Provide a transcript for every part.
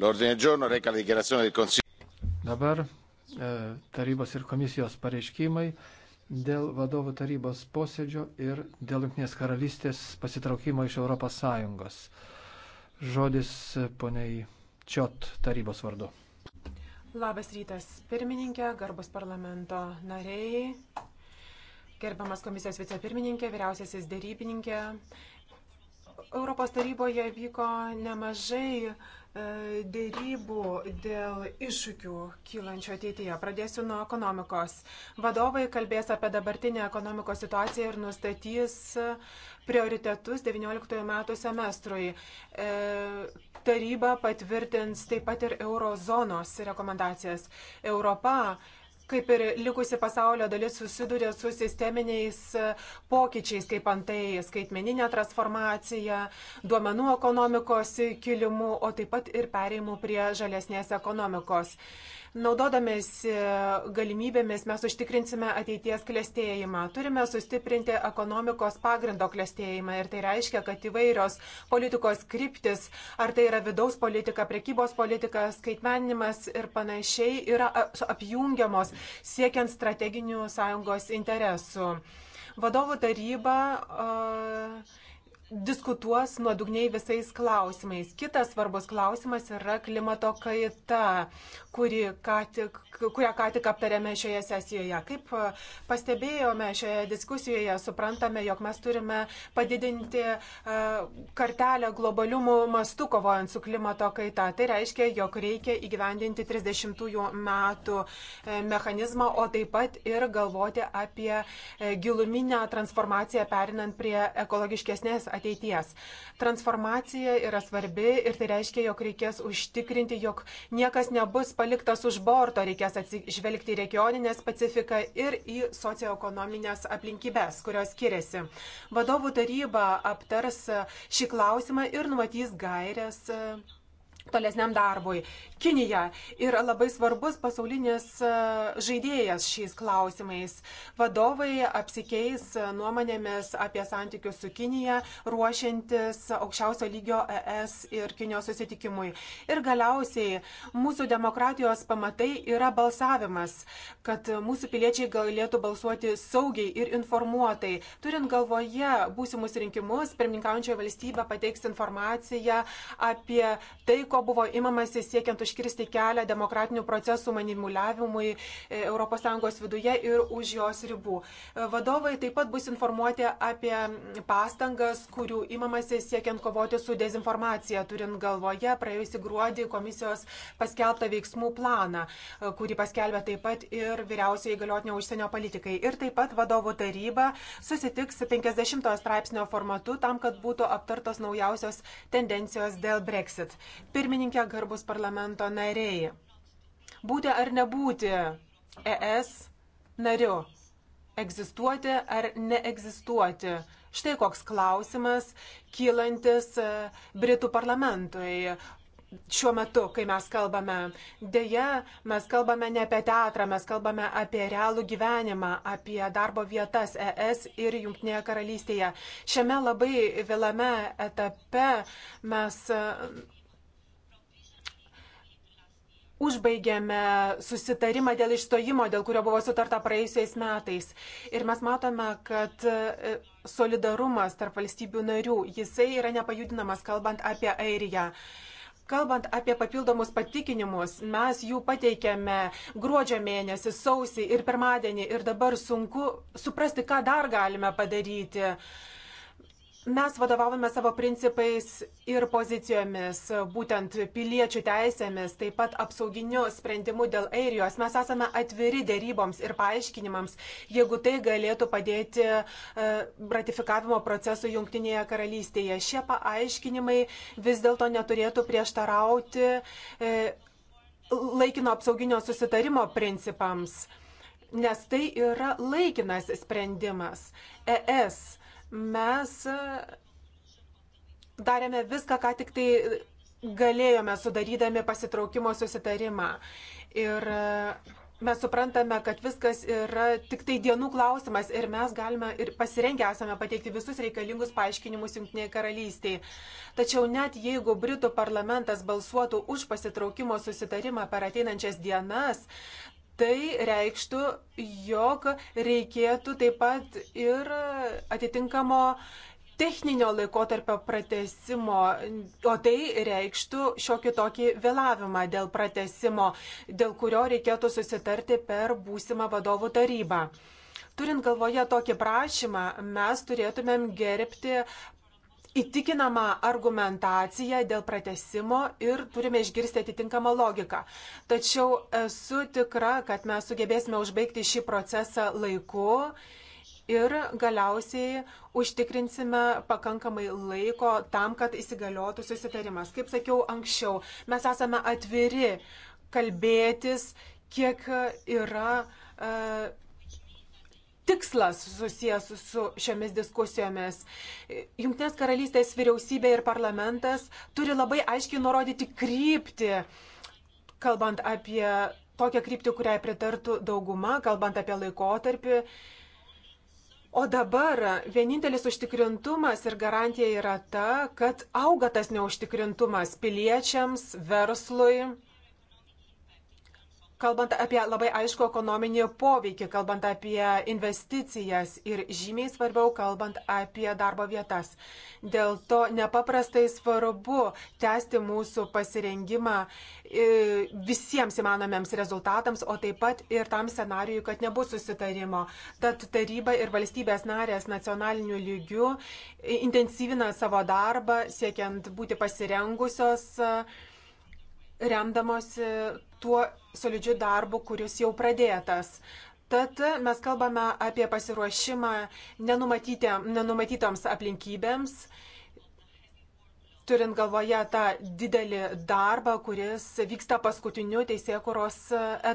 L'ordine del giorno reca la dichiarazione del Consiglio. Dabar e, tarybos ir komisijos pareiškimai dėl vadovų tarybos posėdžio ir dėl Junktinės karalystės pasitraukimo iš ES. Žodis poniai Čiot tarybos vardu. Labas rytas, pirmininkė, garbus parlamento nariai, gerbiamas komisijos vicepirmininkė, vyriausiasis dėrybininkė, Europos taryboje vyko nemažai e, dėrybų dėl iššūkių kylančio ateityje. Pradėsiu nuo ekonomikos. Vadovai kalbės apie dabartinę ekonomikos situaciją ir nustatys prioritetus 19 metų semestrui. E, taryba patvirtins taip pat ir eurozonos rekomendacijas. Europa kaip ir likusi pasaulio dalis susiduria su sisteminiais e, pokyčiais, kaip antai skaitmeninė transformacija, duomenų ekonomikos kilimu, o taip pat ir pereimu prie žalesnės ekonomikos. Naudodamėsi galimybėmis mes užtikrinsime ateities klėstėjimą. Turime sustiprinti ekonomikos pagrindo klėstėjimą ir tai reiškia, kad įvairios politikos kryptis, ar tai yra vidaus politika, prekybos politika, skaitmeninimas ir panašiai, yra apjungiamos siekiant strateginių sąjungos interesų. Vadovų taryba uh, diskutuos nuodugniai visais klausimais. Kitas svarbus klausimas yra klimato kaita, kuri ką tik, kurią ką tik aptarėme šioje sesijoje. Kaip pastebėjome šioje diskusijoje, suprantame, jog mes turime padidinti kartelę globalių mastų kovojant su klimato kaita. Tai reiškia, jog reikia įgyvendinti 30-ųjų metų e, mechanizmą, o taip pat ir galvoti apie e, giluminę transformaciją perinant prie ekologiškesnės ateities ateities. Transformacija yra svarbi ir tai reiškia, jog reikės užtikrinti, jog niekas nebus paliktas už borto, reikės atsižvelgti į regioninę specifiką ir į socioekonominės aplinkybės, kurios skiriasi. Vadovų taryba aptars šį klausimą ir numatys gairias tolesniam darbui. Kinija yra labai svarbus pasaulinis e, žaidėjas šiais klausimais. Vadovai apsikeis e, nuomonėmis apie santykius su Kinija, ruošiantis aukščiausio lygio ES ir Kinijos susitikimui. Ir galiausiai mūsų demokratijos pamatai yra balsavimas, kad mūsų piliečiai galėtų balsuoti saugiai ir informuotai. Turint galvoje būsimus rinkimus, pirmininkaujančioje valstybė pateiks informaciją apie tai, ko ko buvo imamasi siekiant užkirsti kelią demokratinių procesų manimuliavimui e, ES viduje ir už jos ribų. E, vadovai taip pat bus informuoti apie pastangas, kurių imamasi siekiant kovoti su dezinformacija, turint galvoje praėjusi gruodį komisijos paskelbtą veiksmų planą, e, kurį paskelbė taip pat ir vyriausiai įgaliotinio užsienio politikai. Ir taip pat vadovų taryba susitiks 50 straipsnio formatu tam, kad būtų aptartos naujausios tendencijos dėl Brexit. Pirmi pirmininkė, garbus parlamento nariai. Būti ar nebūti ES nariu, egzistuoti ar neegzistuoti. Štai koks klausimas kylantis e, Britų parlamentui. Šiuo metu, kai mes kalbame, dėja, mes kalbame ne apie teatrą, mes kalbame apie realų gyvenimą, apie darbo vietas ES ir Junktinėje karalystėje. Šiame labai vėlame etape mes užbaigėme susitarimą dėl išstojimo, dėl kurio buvo sutarta praėjusiais metais. Ir mes matome, kad e, solidarumas tarp valstybių narių, jisai yra nepajudinamas, kalbant apie Airiją. Kalbant apie papildomus patikinimus, mes jų pateikėme gruodžio mėnesį, sausį ir pirmadienį ir dabar sunku suprasti, ką dar galime padaryti. Uh, Mes vadovavome savo principais ir pozicijomis, būtent piliečių teisėmis, taip pat apsauginiu sprendimu dėl Airijos. Mes esame atviri dėryboms ir paaiškinimams, jeigu tai galėtų padėti e, ratifikavimo procesų Junktinėje karalystėje. Šie paaiškinimai vis dėlto neturėtų prieštarauti e, laikino apsauginio susitarimo principams, nes tai yra laikinas sprendimas. ES Mes e, darėme viską, ką tik tai galėjome, sudarydami pasitraukimo susitarimą. Ir e, mes suprantame, kad viskas yra tik tai dienų klausimas ir mes galime ir pasirengę esame pateikti visus reikalingus paaiškinimus Junktinėje karalystėje. Tačiau net jeigu Britų parlamentas balsuotų už pasitraukimo susitarimą per ateinančias dienas, tai reikštų, jog reikėtų taip pat ir atitinkamo techninio laikotarpio pratesimo, o tai reikštų šiokį tokį vėlavimą dėl pratesimo, dėl kurio reikėtų susitarti per būsimą vadovų tarybą. Turint galvoje tokį prašymą, mes turėtumėm gerbti įtikinamą argumentaciją dėl pratesimo ir turime išgirsti atitinkamą logiką. Tačiau esu tikra, kad mes sugebėsime užbaigti šį procesą laiku ir galiausiai užtikrinsime pakankamai laiko tam, kad įsigaliotų susitarimas. Kaip sakiau anksčiau, mes esame atviri kalbėtis, kiek yra. Uh, tikslas susijęs su šiomis diskusijomis. Junktinės karalystės vyriausybė ir parlamentas turi labai aiškiai nurodyti kryptį, kalbant apie tokią kryptį, kuriai pritartų dauguma, kalbant apie laikotarpį. O dabar vienintelis užtikrintumas ir garantija yra ta, kad auga tas neužtikrintumas piliečiams, verslui kalbant apie labai aišku ekonominį poveikį, kalbant apie investicijas ir žymiai svarbiau, kalbant apie darbo vietas. Dėl to nepaprastai svarbu tęsti mūsų pasirengimą e, visiems įmanomiams rezultatams, o taip pat ir tam scenarijui, kad nebus susitarimo. Tad taryba ir valstybės narės nacionaliniu lygiu intensyvina savo darbą, siekiant būti pasirengusios uh, remdamosi tuo solidžiu darbu, kuris jau pradėtas. Tad mes kalbame apie pasiruošimą nenumatytoms aplinkybėms, turint galvoje tą didelį darbą, kuris vyksta paskutiniu teisėkuros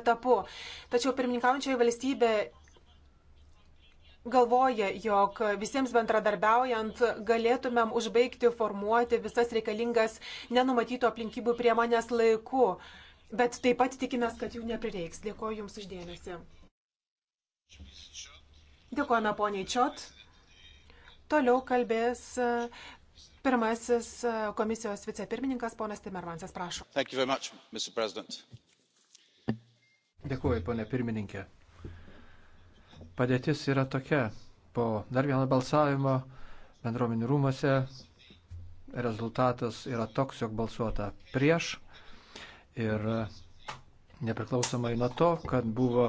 etapu. Tačiau pirmininkaujančioji valstybė galvoja, jog visiems bendradarbiaujant galėtumėm užbaigti formuoti visas reikalingas nenumatytų aplinkybių priemonės laiku, bet taip pat tikimės, kad jų neprireiks. Dėkuoju Jums uždėmesi. Dėkuojame poniai Čiot. Toliau kalbės e, pirmasis e, komisijos vicepirmininkas ponas Timermansas, prašau. Much, Dėkuoju, ponė pirmininkė padėtis yra tokia. Po dar vieno balsavimo bendruomenių rūmose rezultatas yra toks, jog balsuota prieš ir nepriklausomai nuo to, kad buvo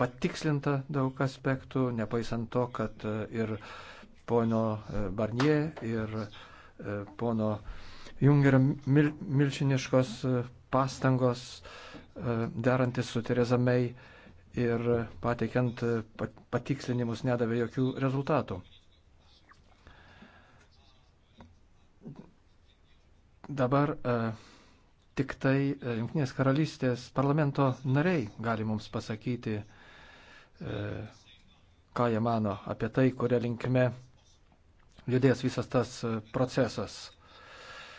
patikslinta daug aspektų, nepaisant to, kad e, ir pono e, Barnie ir e, pono Jungerio mil, milšiniškos pastangos derantis su Tereza May ir pateikiant patikslinimus nedavė jokių rezultatų. Dabar e, tik tai e, Junktinės karalystės parlamento nariai gali mums pasakyti, e, ką jie mano apie tai, kuria linkme judės visas tas e, procesas.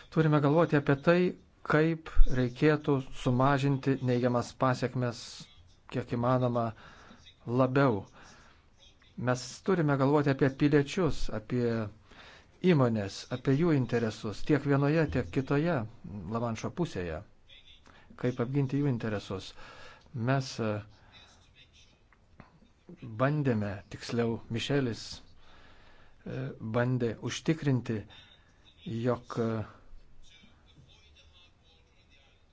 Turime galvoti apie tai, kaip reikėtų sumažinti neigiamas pasiekmes kiek įmanoma labiau. Mes turime galvoti apie piliečius, apie įmonės, apie jų interesus tiek vienoje, tiek kitoje Lamanšo pusėje. Kaip apginti jų interesus. Mes e, bandėme, tiksliau, Mišelis e, bandė užtikrinti, jog e,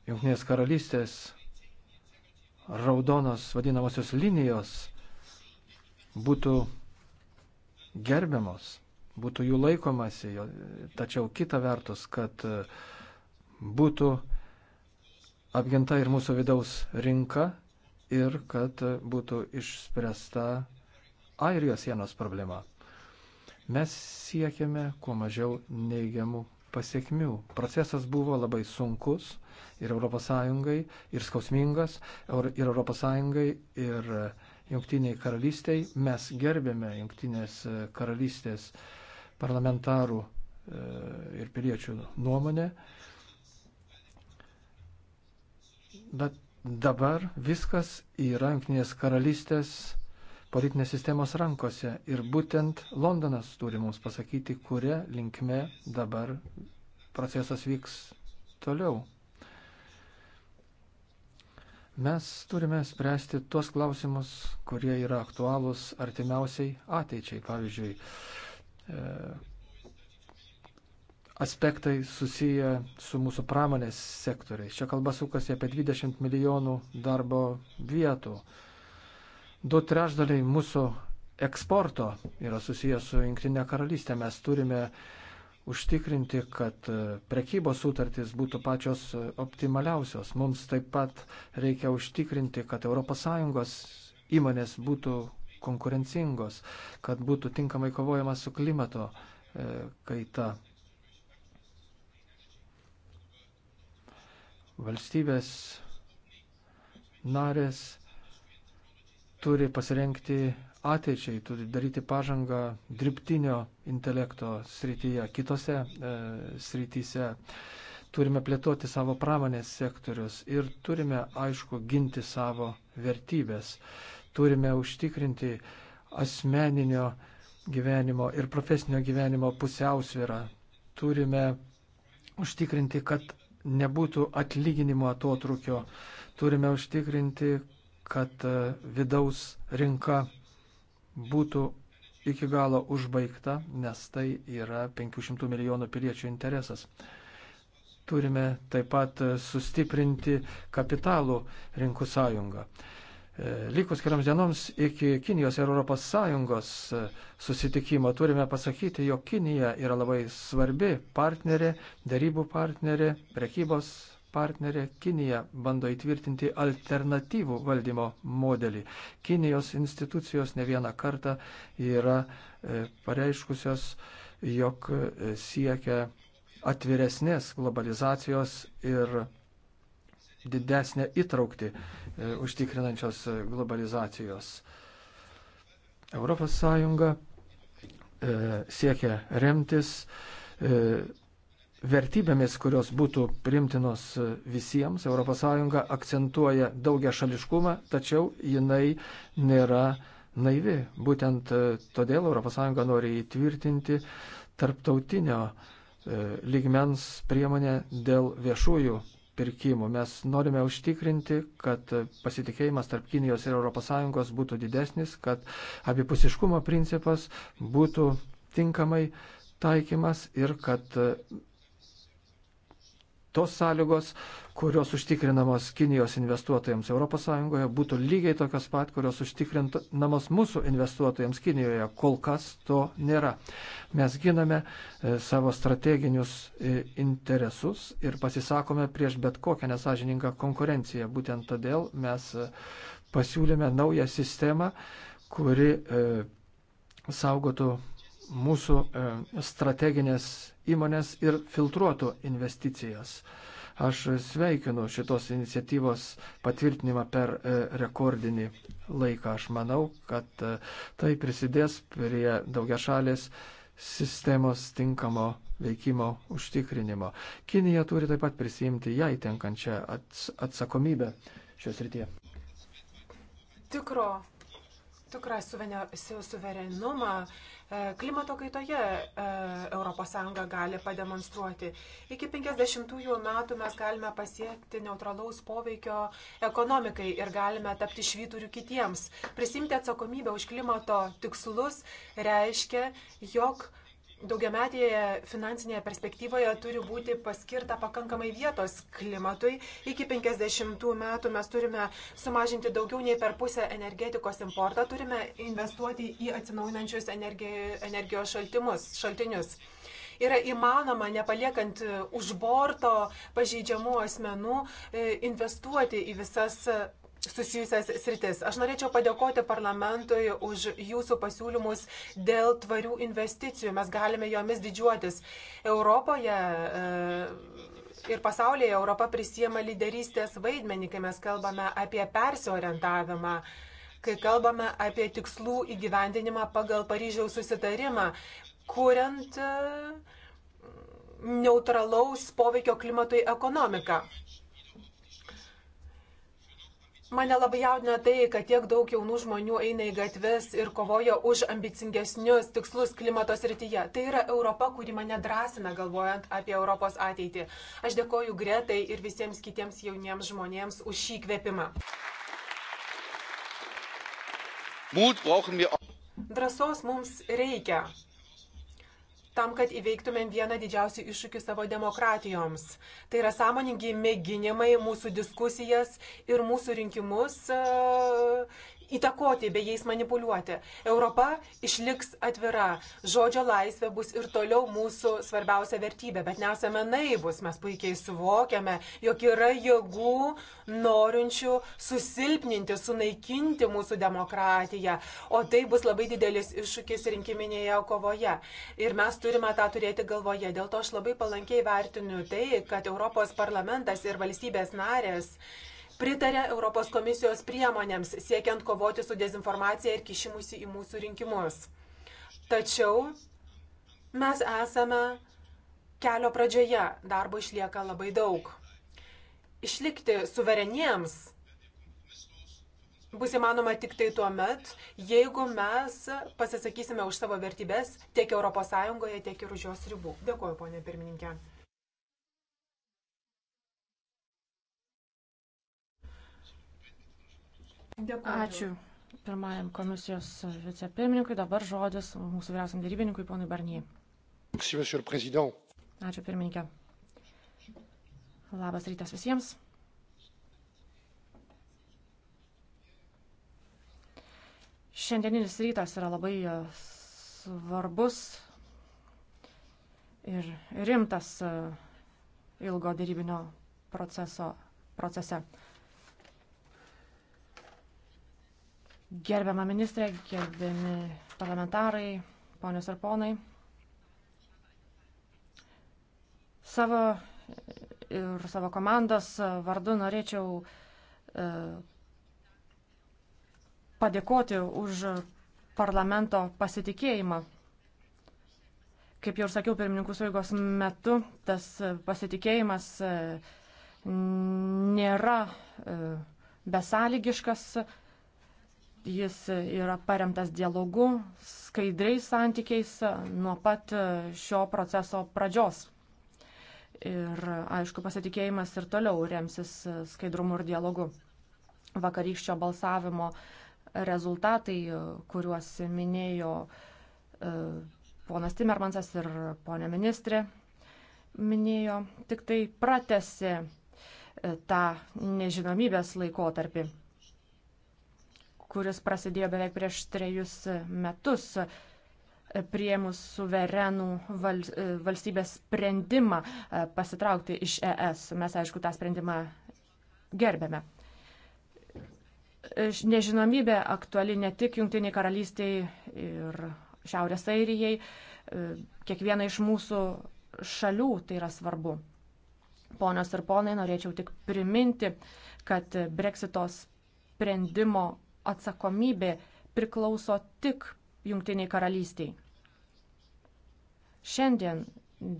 Junknės karalystės raudonos vadinamosios linijos būtų gerbiamos, būtų jų laikomasi, tačiau kita vertus, kad e, būtų apginta ir mūsų vidaus rinka ir kad e, būtų išspręsta Airijos sienos problema. Mes siekiame kuo mažiau neigiamų pasiekmių. Procesas buvo labai sunkus ir ES, ir skausmingas, ir ES, ir e, Junktiniai karalystiai. Mes gerbėme Junktinės e, karalystės parlamentarų e, ir piliečių nuomonę. Bet dabar viskas yra Junktinės karalystės politinės sistemos rankose. Ir būtent Londonas turi mums pasakyti, kuria linkme dabar procesas vyks toliau. Mes turime spręsti tuos klausimus, kurie yra aktualūs artimiausiai ateičiai. Pavyzdžiui, e, aspektai susiję su mūsų pramonės sektoriais. Čia kalba sukasi apie 20 milijonų darbo vietų. Du trešdaliai mūsų eksporto yra susijęs su Junktinė karalystė. Mes turime užtikrinti, kad e, prekybos sutartys būtų pačios e, optimaliausios. Mums taip pat reikia užtikrinti, kad ES įmonės būtų konkurencingos, kad būtų tinkamai kovojama su klimato e, kaita. Valstybės narės turi pasirenkti ateičiai, turi daryti pažangą dirbtinio intelekto srityje, kitose e, srityse. Turime plėtoti savo pramonės sektorius ir turime, aišku, ginti savo vertybės. Turime užtikrinti asmeninio gyvenimo ir profesinio gyvenimo pusiausvyrą. Turime užtikrinti, kad nebūtų atlyginimo atotrukio. Turime užtikrinti, kad e, vidaus rinka būtų iki galo užbaigta, nes tai yra 500 milijonų piliečių interesas. Turime taip pat e, sustiprinti kapitalų rinkų sąjungą. E, likus kelioms dienoms iki Kinijos ir ES susitikimo turime pasakyti, jog Kinija yra labai svarbi partnerė, darybų partnerė, prekybos partnerė Kinija bando įtvirtinti alternatyvų valdymo modelį. Kinijos institucijos ne vieną kartą yra e, pareiškusios, jog e, siekia atviresnės globalizacijos ir didesnę įtraukti e, užtikrinančios globalizacijos. ES siekia remtis vertybėmis, kurios būtų primtinos visiems. ES akcentuoja daugia šališkumą, tačiau jinai nėra naivi. Būtent e, todėl ES nori įtvirtinti tarptautinio e, lygmens priemonę dėl viešųjų pirkimų. Mes norime užtikrinti, kad pasitikėjimas tarp Kinijos ir ES būtų didesnis, kad abipusiškumo principas būtų tinkamai taikymas ir kad tos sąlygos, kurios užtikrinamos Kinijos investuotojams ES, būtų lygiai tokios pat, kurios užtikrinamos mūsų investuotojams Kinijoje. Kol kas to nėra. Mes giname e, savo strateginius e, interesus ir pasisakome prieš bet kokią nesažininką konkurenciją. Būtent todėl mes e, pasiūlėme naują sistemą, kuri saugotų mūsų e, strateginės įmonės ir filtruotų investicijas. Aš sveikinu šitos iniciatyvos patvirtinimą per e, rekordinį laiką. Aš manau, kad e, tai prisidės prie daugiašalės sistemos tinkamo veikimo užtikrinimo. Kinija turi taip pat prisimti jai tenkančią ats atsakomybę šios rytyje. Tikro tikrą suverenumą e, klimato kaitoje ES gali pademonstruoti. Iki 50-ųjų metų mes galime pasiekti neutralaus poveikio ekonomikai ir galime tapti švyturiu kitiems. Prisimti atsakomybę už klimato tikslus reiškia, jog uh, daugiametėje finansinėje perspektyvoje turi būti paskirta pakankamai vietos klimatui. Iki 50 metų mes turime sumažinti daugiau nei per pusę energetikos importą, turime investuoti į atsinaujinančius energijos šaltimus, šaltinius. Yra įmanoma, nepaliekant už borto pažeidžiamų asmenų, e, investuoti į visas susijusias sritis. Aš norėčiau padėkoti parlamentui už jūsų pasiūlymus dėl tvarių investicijų. Mes galime jomis didžiuotis. Europoje e, ir pasaulyje Europa prisiema lyderystės vaidmenį, kai mes kalbame apie persiorientavimą kai kalbame apie tikslų įgyvendinimą pagal Paryžiaus susitarimą, kuriant e, neutralaus poveikio klimatui ekonomiką. Mane labai jaudina tai, kad tiek daug jaunų žmonių eina į gatves ir kovoja už ambicingesnius tikslus klimato srityje. Tai yra Europa, kuri mane drąsina galvojant apie Europos ateitį. Aš dėkoju Gretai ir visiems kitiems jauniems žmonėms už šį kvepimą. Drąsos mums reikia tam, kad įveiktumėm vieną didžiausių iššūkių savo demokratijoms. Tai yra sąmoningi mėginimai mūsų diskusijas ir mūsų rinkimus įtakoti bei jais manipuliuoti. Europa išliks atvira. Žodžio laisvė bus ir toliau mūsų svarbiausia vertybė, bet nesame naivus. Mes puikiai suvokiame, jog yra jėgų norinčių susilpninti, sunaikinti mūsų demokratiją. O tai bus labai didelis iššūkis rinkiminėje kovoje. Ir mes turime tą turėti galvoje. Dėl to aš labai palankiai vertinu tai, kad Europos parlamentas ir valstybės narės narės pritarė Europos komisijos priemonėms siekiant kovoti su dezinformacija ir kišimusi į mūsų rinkimus. Tačiau mes esame kelio pradžioje, darbo išlieka labai daug. Išlikti suvereniems bus įmanoma tik tai tuo met, jeigu mes pasisakysime už savo vertybės tiek ES, tiek ir už jos ribų. Dėkuoju, ponė pirmininkė. Dėkuoju. Ačiū pirmajam komisijos vicepirmininkui, dabar žodis mūsų vyriausiam dėrybininkui, ponui Barnijai. Ačiū pirmininkė. Labas rytas visiems. Šiandieninis rytas yra labai e, svarbus ir rimtas e, ilgo dėrybinio proceso, procese. Gerbiama ministrė, gerbiami parlamentarai, ponios ir ponai. Savo ir savo komandos vardu norėčiau e, padėkoti už parlamento pasitikėjimą. Kaip jau ir sakiau, pirmininkų sueigos metu tas pasitikėjimas e, nėra e, besąlygiškas, Jis yra paremtas dialogu, skaidriais santykiais nuo pat šio proceso pradžios. Ir aišku, pasitikėjimas ir toliau remsis skaidrumu ir dialogu. Vakarykščio balsavimo rezultatai, kuriuos minėjo e, ponas Timermansas ir ponė ministrė, minėjo, tik tai pratesi tą nežinomybės laikotarpį kuris prasidėjo beveik prieš trejus metus prieimus suverenų val, valstybės sprendimą e, pasitraukti iš ES. Mes, aišku, tą sprendimą gerbėme. Nežinomybė aktuali ne tik Junktiniai karalystiai ir Šiaurės Airijai, e, kiekviena iš mūsų šalių tai yra svarbu. Ponios ir ponai, norėčiau tik priminti, kad Brexito sprendimo atsakomybė priklauso tik Junktiniai karalystiai. Šiandien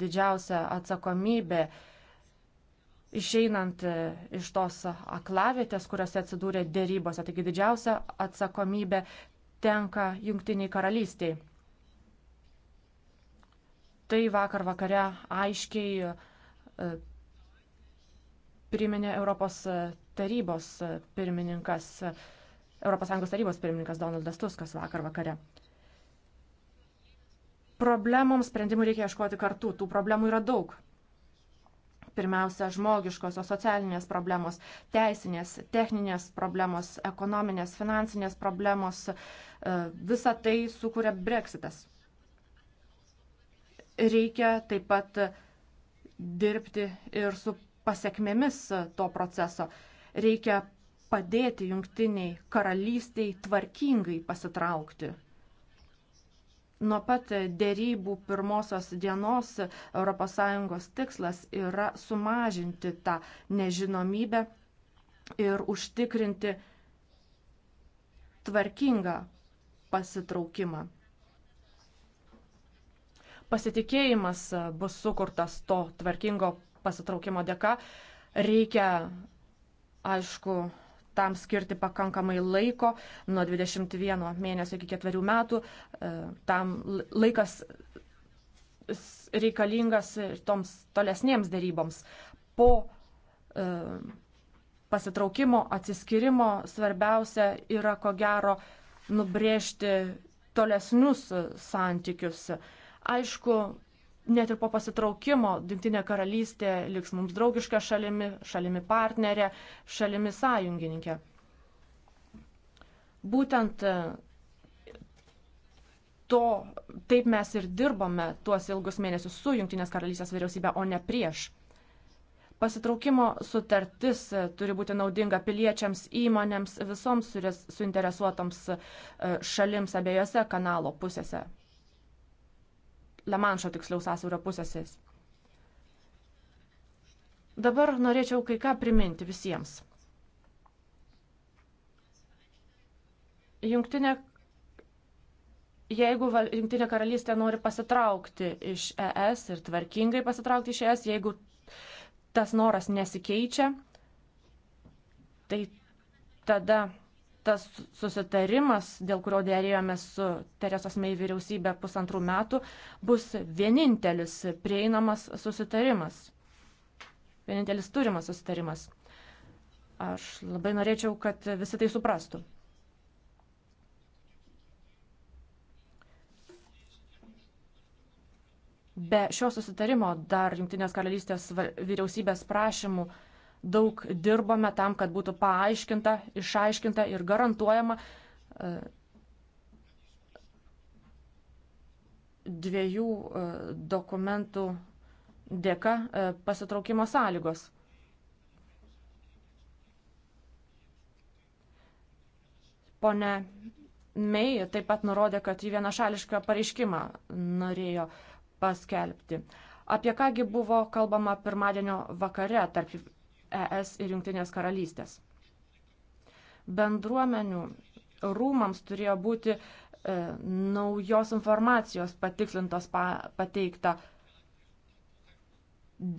didžiausia atsakomybė išeinant e, iš tos aklavietės, kuriuose atsidūrė dėrybose. Taigi didžiausia atsakomybė tenka Junktiniai karalystiai. Tai vakar vakare aiškiai e, priminė Europos e, tarybos pirmininkas ES tarybos pirmininkas Donaldas Tuskas vakar vakare. Problemoms sprendimų reikia ieškoti kartu, tų problemų yra daug. Pirmiausia, žmogiškosios, socialinės problemos, teisinės, techninės problemos, ekonominės, finansinės problemos, e, visa tai sukuria Brexitas. Reikia taip pat dirbti ir su pasiekmėmis to proceso. Reikia padėti jungtiniai karalystiai tvarkingai pasitraukti. Nuo pat dėrybų pirmosios dienos ES tikslas yra sumažinti tą nežinomybę ir užtikrinti tvarkingą pasitraukimą. Pasitikėjimas bus sukurtas to tvarkingo pasitraukimo dėka. Reikia, aišku, tam skirti pakankamai laiko, nuo 21 mėnesio iki 4 metų. E, tam laikas reikalingas toms tolesniems dėryboms. Po e, pasitraukimo, atsiskirimo svarbiausia yra ko gero nubrėžti tolesnius santykius. Aišku, net ir po pasitraukimo Junktinė karalystė liks mums draugiška šalimi, šalimi partnerė, šalimi sąjungininkė. Būtent e, to, taip mes ir dirbome tuos ilgus mėnesius su Junktinės karalystės vyriausybė, o ne prieš. Pasitraukimo sutartis e, turi būti naudinga piliečiams, įmonėms, visoms suinteresuotoms e, šalims abiejose kanalo pusėse Lamanšo tiksliau sąsiaurio pusės. Dabar norėčiau kai ką priminti visiems. Jungtinė, jeigu Jungtinė karalystė nori pasitraukti iš ES ir tvarkingai pasitraukti iš ES, jeigu tas noras nesikeičia, tai tada tas susitarimas, dėl kurio dėrėjome su Teresos Mei vyriausybė pusantrų metų, bus vienintelis prieinamas susitarimas. Vienintelis turimas susitarimas. Aš labai norėčiau, kad visi tai suprastų. Be šio susitarimo dar Junktinės karalystės vyriausybės prašymų daug dirbome tam, kad būtų paaiškinta, išaiškinta ir garantuojama e, dviejų e, dokumentų dėka e, pasitraukimo sąlygos. Pone Mei taip pat nurodė, kad į vienašališką pareiškimą norėjo paskelbti. Apie kągi buvo kalbama pirmadienio vakare tarp ES ir Junktinės karalystės. Bendruomenių rūmams turėjo būti e, naujos informacijos patikslintos pa, pateikta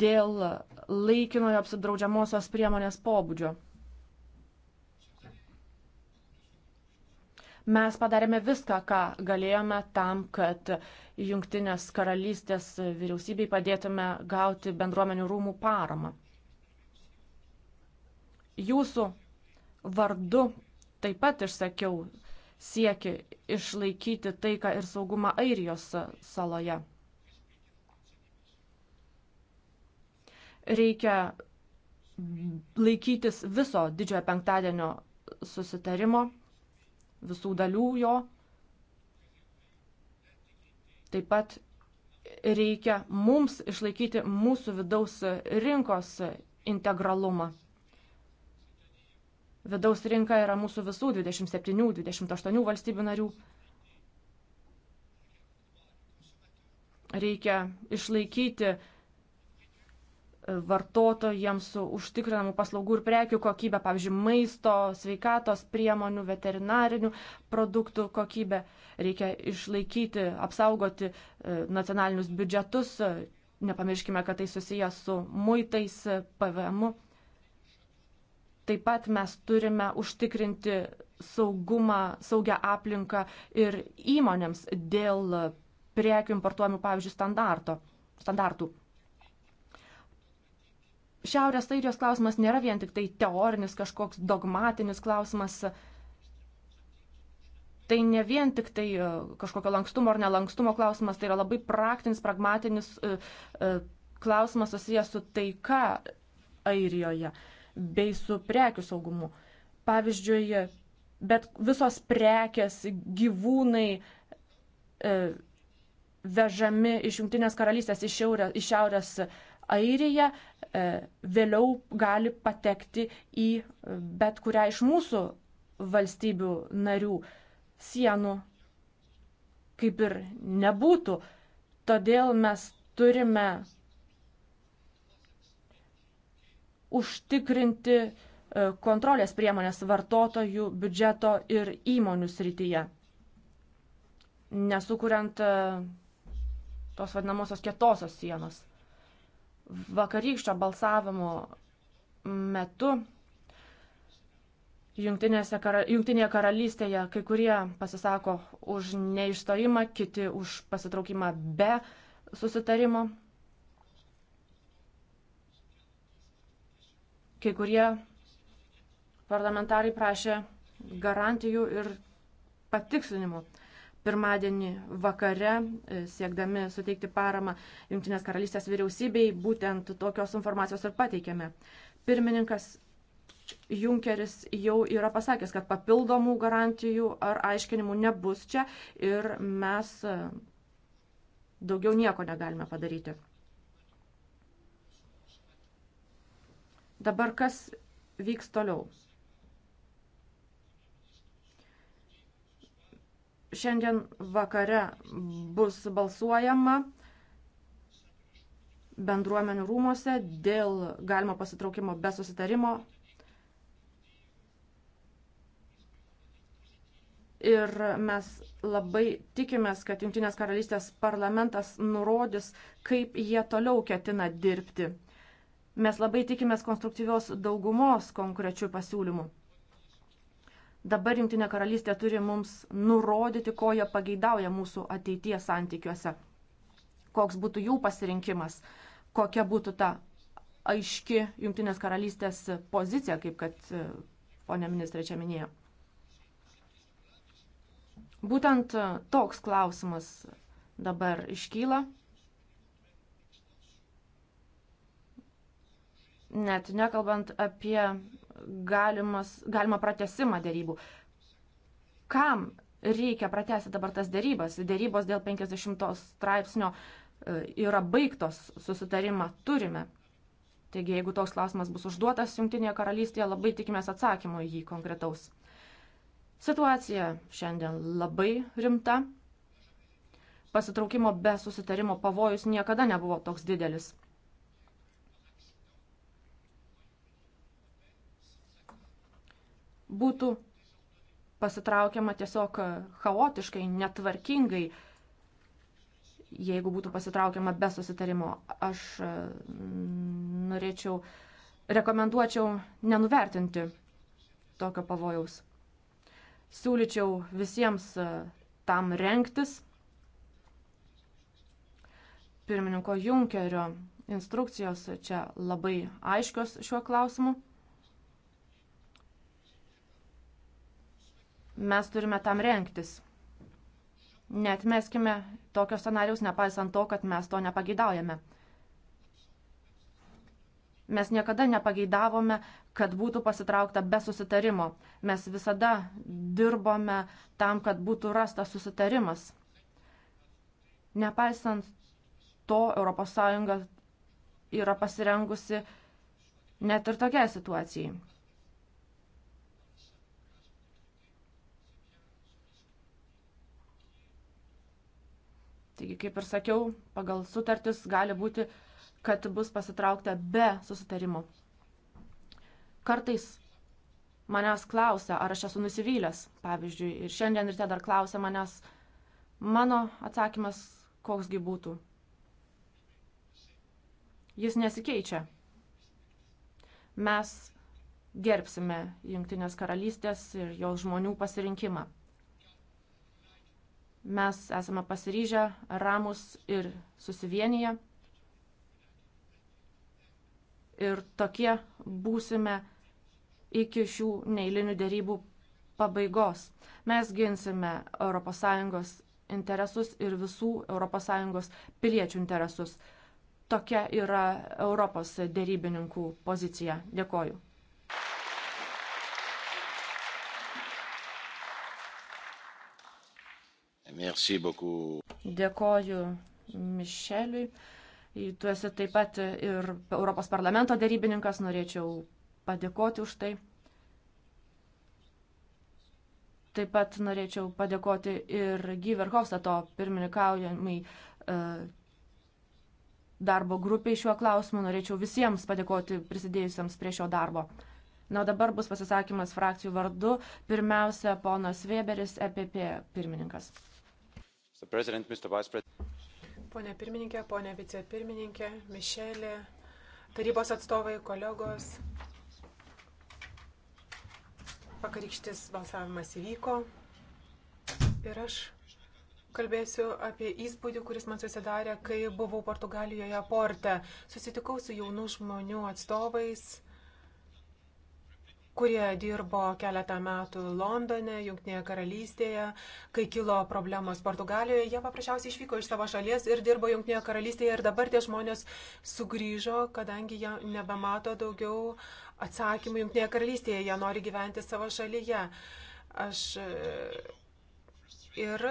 dėl laikinojo apsidraudžiamosios priemonės pobūdžio. Mes padarėme viską, ką galėjome tam, kad Junktinės karalystės vyriausybei padėtume gauti bendruomenių rūmų paramą jūsų vardu taip pat išsakiau sieki išlaikyti taiką ir saugumą Airijos saloje. Reikia laikytis viso didžiojo penktadienio susitarimo, visų dalių jo. Taip pat reikia mums išlaikyti mūsų vidaus rinkos integralumą. Vidaus rinka yra mūsų visų 27-28 valstybių narių. Reikia išlaikyti e, vartotojams užtikrinamų paslaugų ir prekių kokybę, pavyzdžiui, maisto, sveikatos priemonių, veterinarinių produktų kokybę. Reikia išlaikyti, apsaugoti e, nacionalinius biudžetus. Nepamirškime, kad tai susijęs su muitais, e, PVM. -u. Taip pat mes turime užtikrinti saugumą, saugią aplinką ir įmonėms dėl priekių importuojamų, pavyzdžiui, standartų. Šiaurės airijos klausimas nėra vien tik tai teorinis kažkoks dogmatinis klausimas. Tai ne vien tik tai e, kažkokio lankstumo ar nelankstumo klausimas, tai yra labai praktinis, pragmatinis e, e, klausimas susijęs su taika Airijoje bei su prekių saugumu. Pavyzdžiui, bet visos prekės, gyvūnai e, vežami iš Junktinės karalystės į, šiaurę, į Šiaurės Airiją e, vėliau gali patekti į bet kurią iš mūsų valstybių narių sienų kaip ir nebūtų. Todėl mes turime užtikrinti e, kontrolės priemonės vartotojų, biudžeto ir įmonių srityje, nesukuriant e, tos vadinamosios kietosios sienos. Vakarykščio balsavimo metu Jungtinėse, jungtinėje karalystėje kai kurie pasisako už neišstojimą, kiti už pasitraukimą be susitarimo. Kai kurie parlamentarai prašė garantijų ir patikslinimų. Pirmadienį vakare, e, siekdami suteikti paramą Junktinės karalystės vyriausybei, būtent tokios informacijos ir pateikėme. Pirmininkas Junkeris jau yra pasakęs, kad papildomų garantijų ar aiškinimų nebus čia ir mes e, daugiau nieko negalime padaryti. Dabar kas vyks toliau? Šiandien vakare bus balsuojama bendruomenių rūmose dėl galimo pasitraukimo be susitarimo. Ir mes labai tikimės, kad Junktinės karalystės parlamentas nurodys, kaip jie toliau ketina dirbti. Mes labai tikimės konstruktyvios daugumos konkrečių pasiūlymų. Dabar Junktinė karalystė turi mums nurodyti, ko jie pageidauja mūsų ateities santykiuose, koks būtų jų pasirinkimas, kokia būtų ta aiški Junktinės karalystės pozicija, kaip kad e, ponė ministrė čia minėjo. Būtent e, toks klausimas dabar iškyla net nekalbant apie galimas, galimą pratesimą dėrybų. Kam reikia pratesti dabar tas dėrybas? Dėrybos dėl 50 straipsnio e, yra baigtos, susitarimą turime. Taigi, jeigu toks klausimas bus užduotas Junktinėje karalystėje, labai tikimės atsakymo į jį konkretaus. Situacija šiandien labai rimta. Pasitraukimo be susitarimo pavojus niekada nebuvo toks didelis. būtų pasitraukiama tiesiog chaotiškai, netvarkingai, jeigu būtų pasitraukiama be susitarimo. Aš e, norėčiau, rekomenduočiau nenuvertinti tokio pavojaus. Siūlyčiau visiems e, tam renktis. Pirmininko Junkerio instrukcijos čia labai aiškios šiuo klausimu. Mes turime tam renktis. Netmeskime tokio scenarius, nepaisant to, kad mes to nepageidaujame. Mes niekada nepageidavome, kad būtų pasitraukta be susitarimo. Mes visada dirbome tam, kad būtų rastas susitarimas. Nepaisant to, ES yra pasirengusi net ir tokiai situacijai. Taigi, kaip ir sakiau, pagal sutartis gali būti, kad bus pasitraukta be susitarimų. Kartais manęs klausia, ar aš esu nusivylęs, pavyzdžiui, ir šiandien ryte dar klausia manęs, mano atsakymas koksgi būtų. Jis nesikeičia. Mes gerbsime Junktinės karalystės ir jos žmonių pasirinkimą. Mes esame pasiryžę, ramus ir susivienyje. Ir tokie būsime iki šių neįlinių dėrybų pabaigos. Mes ginsime ES interesus ir visų ES piliečių interesus. Tokia yra Europos dėrybininkų pozicija. Dėkoju. Dėkoju Mišeliui. Tu esi taip pat ir Europos parlamento darybininkas, norėčiau padėkoti už tai. Taip pat norėčiau padėkoti ir Gy Verhofstato pirmininkaujamai e, darbo grupiai šiuo klausimu. Norėčiau visiems padėkoti prisidėjusiems prie šio darbo. Na, dabar bus pasisakymas frakcijų vardu. Pirmiausia, ponas Weberis, EPP pirmininkas. Pone pirmininkė, pone vicepirmininkė, Mišelė, tarybos atstovai, kolegos. Vakarykštis balsavimas įvyko ir aš kalbėsiu apie įspūdį, kuris man susidarė, kai buvau Portugalijoje porte. Susitikau su jaunų žmonių atstovais kurie dirbo keletą metų Londone, Junktinėje karalystėje. Kai kilo problemos Portugalijoje, jie paprasčiausiai išvyko iš savo šalies ir dirbo Junktinėje karalystėje ir dabar tie žmonės sugrįžo, kadangi jie nebemato daugiau atsakymų Junktinėje karalystėje, jie nori gyventi savo šalyje. Aš Ir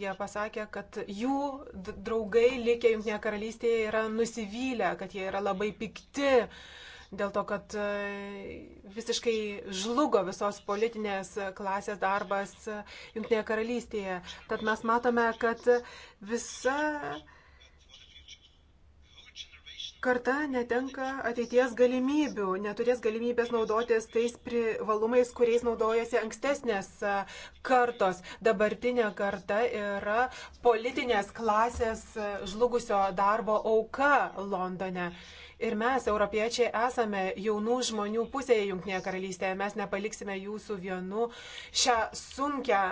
jie pasakė, kad jų draugai likę Junktinėje karalystėje yra nusivylę, kad jie yra labai pikti, dėl to, kad e, visiškai žlugo visos politinės klasės darbas Junktinėje karalystėje. Tad mes matome, kad visa karta netenka ateities galimybių, neturės galimybės naudotis tais privalumais, kuriais naudojasi ankstesnės e, kartos. Dabartinė karta yra politinės klasės e, žlugusio darbo auka Londone. Ir mes, europiečiai, esame jaunų žmonių pusėje Junktinėje karalystėje. Mes nepaliksime jūsų vienu šią sunkę,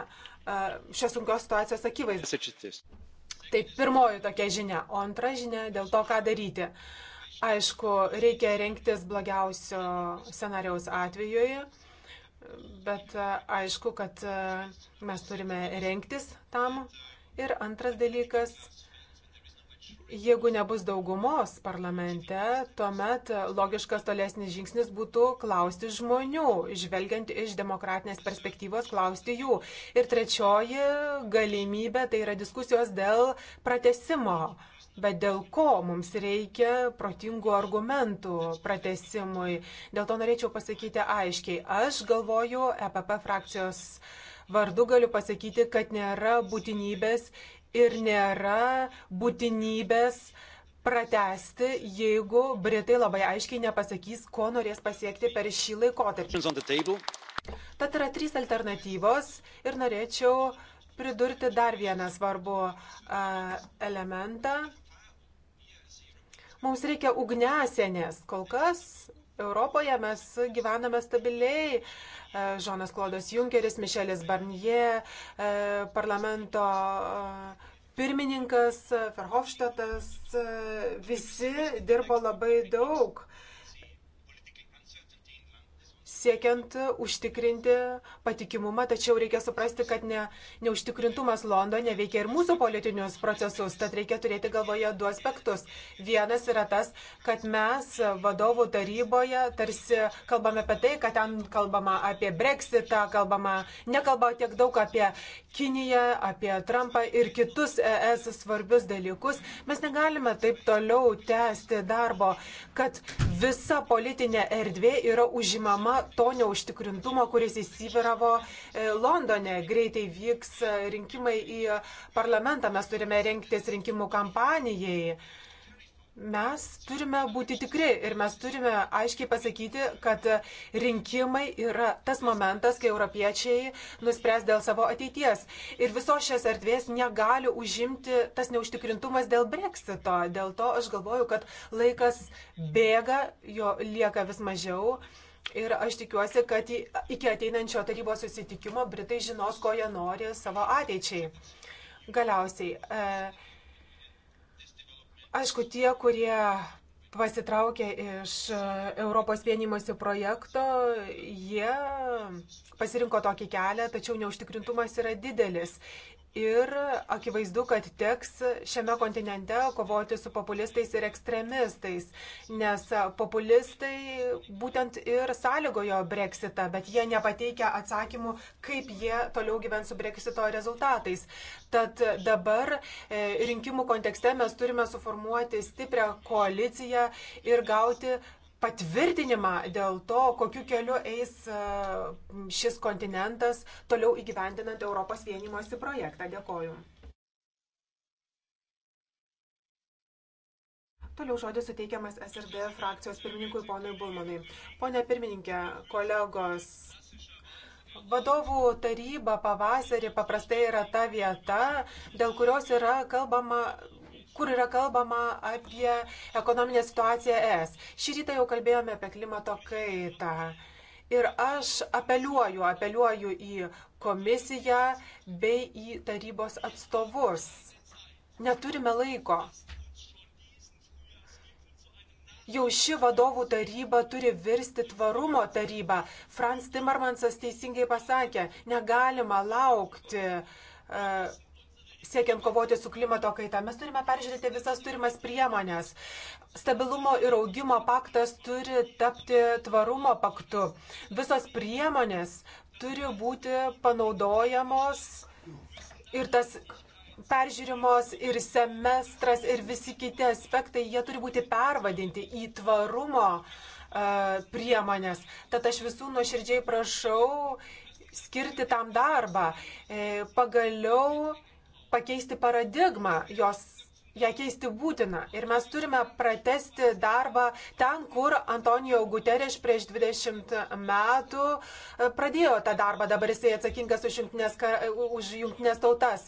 šios sunkios situacijos akivaizdą. Tai pirmoji tokia žinia. O antra žinia dėl to, ką daryti. Aišku, reikia renktis blogiausio scenarijaus atvejoje. Bet aišku, kad mes turime renktis tam. Ir antras dalykas Jeigu nebus daugumos parlamente, tuomet logiškas tolesnis žingsnis būtų klausti žmonių, žvelgiant iš demokratinės perspektyvos, klausti jų. Ir trečioji galimybė tai yra diskusijos dėl pratesimo. Bet dėl ko mums reikia protingų argumentų pratesimui? Dėl to norėčiau pasakyti aiškiai. Aš galvoju, EPP frakcijos vardu galiu pasakyti, kad nėra būtinybės ir nėra būtinybės pratesti, jeigu Britai labai aiškiai nepasakys, ko norės pasiekti per šį laikotarpį. Tad yra trys alternatyvos ir norėčiau pridurti dar vieną svarbų uh, elementą. Mums reikia ugnesienės. Kol kas Europoje mes gyvename stabiliai. E, Žonas Klodas Junkeris, Mišelis Barnier, e, parlamento e, pirmininkas Verhofštatas, visi dirbo labai daug siekiant užtikrinti patikimumą, tačiau reikia suprasti, kad ne, neužtikrintumas Londone veikia ir mūsų politinius procesus, tad reikia turėti galvoje du aspektus. Vienas yra tas, kad mes vadovų taryboje tarsi kalbame apie tai, kad ten kalbama apie Brexitą, kalbama, nekalba tiek daug apie Kiniją, apie Trumpą ir kitus ES svarbius dalykus. Mes negalime taip toliau tęsti darbo, kad visa politinė erdvė yra užimama to neužtikrintumo, kuris įsivyravo e, Londone. Greitai vyks e, rinkimai į parlamentą, mes turime rengtis rinkimų kampanijai. Mes turime būti tikri ir mes turime aiškiai pasakyti, kad rinkimai yra tas momentas, kai europiečiai nuspręs dėl savo ateities. Ir visos šios erdvės negali užimti tas neužtikrintumas dėl breksito. Dėl to aš galvoju, kad laikas bėga, jo lieka vis mažiau. Ir aš tikiuosi, kad iki ateinančio tarybos susitikimo Britai žinos, ko jie nori savo ateičiai. Galiausiai, e, aišku, tie, kurie pasitraukė iš e, Europos vienimosi projekto, jie pasirinko tokį kelią, tačiau neužtikrintumas yra didelis ir akivaizdu, kad teks šiame kontinente kovoti su populistais ir ekstremistais, nes populistai būtent ir sąlygojo breksitą, bet jie nepateikia atsakymų, kaip jie toliau gyvens su breksito rezultatais. Tad dabar e, rinkimų kontekste mes turime suformuoti stiprią koaliciją ir gauti patvirtinimą dėl to, kokiu keliu eis e, šis kontinentas toliau įgyvendinant Europos vienimosi projektą. Dėkoju. Toliau žodis suteikiamas SRD frakcijos pirmininkui ponui Bulmanui. Pone pirmininkė, kolegos, Vadovų taryba pavasarį paprastai yra ta vieta, dėl kurios yra kalbama kur yra kalbama apie ekonominę situaciją ES. Šį rytą jau kalbėjome apie klimato kaitą. Ir aš apeliuoju, apeliuoju į komisiją bei į tarybos atstovus. Neturime laiko. Jau ši vadovų taryba turi virsti tvarumo tarybą. Franz Timmermansas teisingai pasakė, negalima laukti. Uh, siekiant kovoti su klimato kaita. Mes turime peržiūrėti visas turimas priemonės. Stabilumo ir augimo paktas turi tapti tvarumo paktu. Visos priemonės turi būti panaudojamos ir tas peržiūrimos ir semestras ir visi kiti aspektai, jie turi būti pervadinti į tvarumo uh, priemonės. Tad aš visų nuoširdžiai prašau skirti tam darbą. E, pagaliau pakeisti paradigmą, jos ją keisti būtina. Ir mes turime pratesti darbą ten, kur Antonijo Guterres prieš 20 metų e, pradėjo tą darbą, dabar jisai atsakingas už jungtinės, už jungtinės tautas.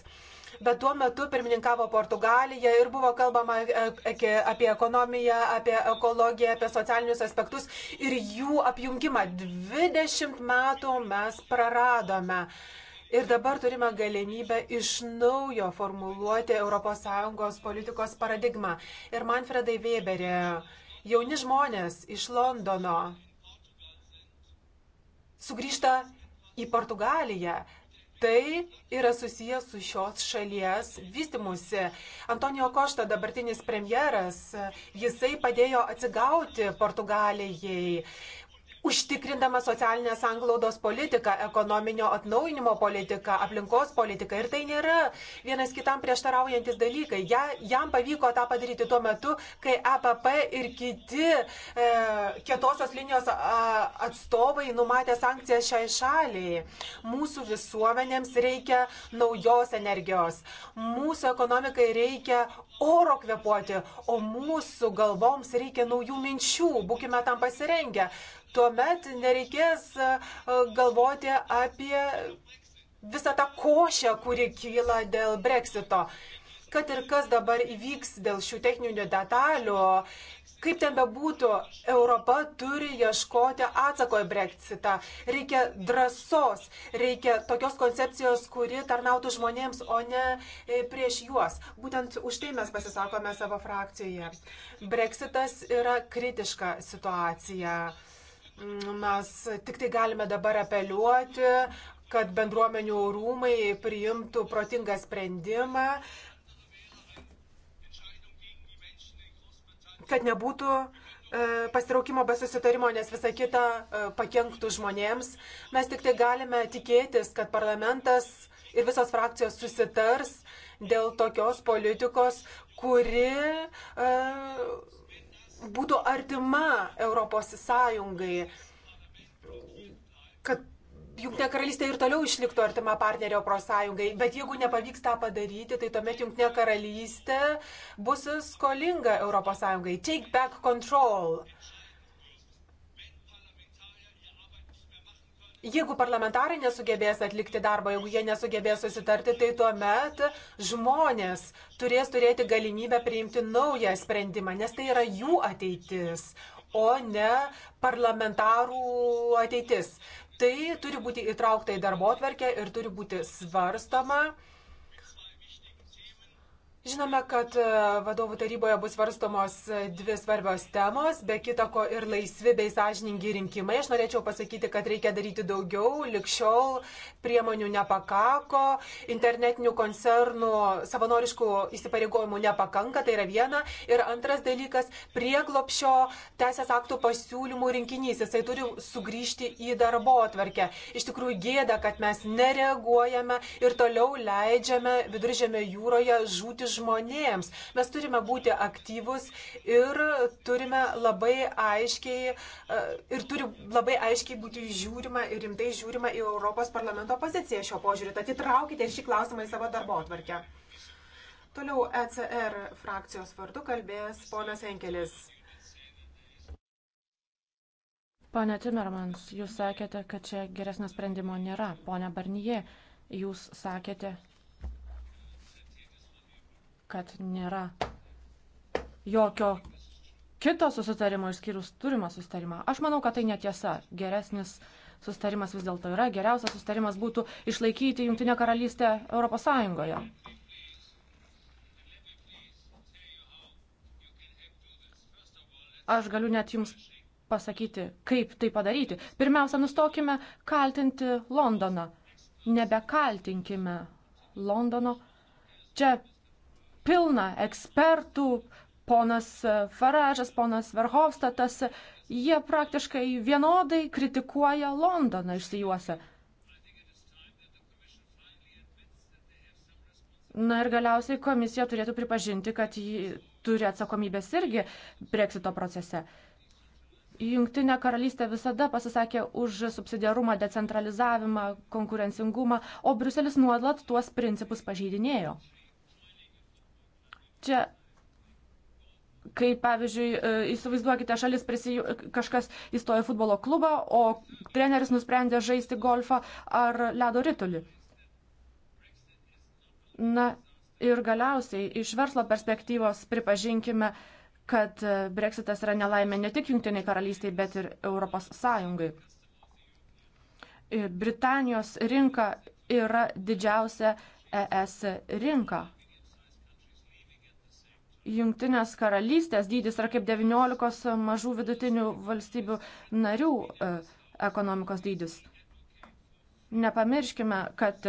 Bet tuo metu pirmininkavo Portugalija ir buvo kalbama e, apie ekonomiją, apie ekologiją, apie socialinius aspektus ir jų apjungimą. 20 metų mes praradome. Uh, Ir dabar turime galimybę iš naujo formuluoti ES politikos paradigmą. Ir Manfredai Weberė, jauni žmonės iš Londono sugrįžta į Portugaliją. Tai yra susijęs su šios šalies vystimusi. Antonijo Košta, dabartinis premjeras, jisai padėjo atsigauti Portugalijai užtikrindama socialinės anglaudos politiką, ekonominio atnaujinimo politiką, aplinkos politiką. Ir tai nėra vienas kitam prieštaraujantis dalykai. Ja, jam pavyko tą padaryti tuo metu, kai APP ir kiti e, kietosios linijos a, atstovai numatė sankcijas šiai šaliai. Mūsų visuomenėms reikia naujos energijos. Mūsų ekonomikai reikia oro kvepuoti, o mūsų galvoms reikia naujų minčių. Būkime tam pasirengę tuomet nereikės e, galvoti apie visą tą košę, kuri kyla dėl breksito. Kad ir kas dabar įvyks dėl šių techninių detalių, Kaip ten bebūtų, Europa turi ieškoti atsako į breksitą. Reikia drąsos, reikia tokios koncepcijos, kuri tarnautų žmonėms, o ne e, prieš juos. Būtent už tai mes pasisakome savo frakcijoje. Breksitas yra kritiška situacija mes tik tai galime dabar apeliuoti, kad bendruomenių rūmai priimtų protingą sprendimą, kad nebūtų e, pasiraukimo be susitarimo, nes visa kita e, pakenktų žmonėms. Mes tik tai galime tikėtis, kad parlamentas ir visos frakcijos susitars dėl tokios politikos, kuri uh, būtų artima Europos Sąjungai, kad Junktinė karalystė ir toliau išliktų artima partnerio prosąjungai, bet jeigu nepavyks tą padaryti, tai tuomet Junktinė karalystė bus skolinga ES. Take back control. Uh, Jeigu parlamentarai nesugebės atlikti darbą, jeigu jie nesugebės susitarti, tai tuomet žmonės turės turėti galimybę priimti naują sprendimą, nes tai yra jų ateitis, o ne parlamentarų ateitis. Tai turi būti įtraukta į darbo atverkę ir turi būti svarstama Žinome, kad e, vadovų taryboje bus varstomos e, dvi svarbios temos, be kitako ir laisvi bei sąžiningi rinkimai. Aš norėčiau pasakyti, kad reikia daryti daugiau, likščiol priemonių nepakako, internetinių koncernų savanoriškų įsipareigojimų nepakanka, tai yra viena. Ir antras dalykas - prieglopšio teisės aktų pasiūlymų rinkinys. Jisai turi sugrįžti į darbo atvarkę. Iš tikrųjų gėda, kad mes nereaguojame ir toliau leidžiame viduržėme jūroje žūti žmonėms žmonėms. Mes turime būti aktyvus ir turime labai aiškiai, e, ir turi labai aiškiai būti žiūrima ir rimtai žiūrima į Europos parlamento poziciją šio požiūriu. Tad įtraukite šį klausimą į savo darbo atvarkę. Toliau ECR frakcijos vardu kalbės ponas Enkelis. Pane Timermans, jūs sakėte, kad čia geresnio sprendimo nėra. Pone Barnyje, jūs sakėte, kad nėra jokio kito susitarimo išskyrus turimą susitarimą. Aš manau, kad tai netiesa. Geresnis susitarimas vis dėlto yra. Geriausias susitarimas būtų išlaikyti Junktinę karalystę Europos Sąjungoje. Aš galiu net jums pasakyti, kaip tai padaryti. Pirmiausia, nustokime kaltinti Londoną. Nebekaltinkime Londono. Čia pilna ekspertų, ponas Faražas, ponas Verhofstadtas, jie praktiškai vienodai kritikuoja Londoną išsijuose. Na ir galiausiai komisija turėtų pripažinti, kad ji turi atsakomybės irgi breksito procese. Jungtinė karalystė visada pasisakė už subsidiarumą, decentralizavimą, konkurencingumą, o Bruselis nuolat tuos principus pažydinėjo. Čia, kai pavyzdžiui, e, įsivaizduokite, šalis prisijų, kažkas įstojo futbolo klubą, o treneris nusprendė žaisti golfą ar ledo ritulį. Na ir galiausiai iš verslo perspektyvos pripažinkime, kad e, Brexitas yra nelaimė ne tik Junktiniai karalystiai, bet ir Europos Sąjungai. E, Britanijos rinka yra didžiausia ES rinka jungtinės karalystės dydis yra kaip 19 mažų vidutinių valstybių narių e, ekonomikos dydis. Nepamirškime, kad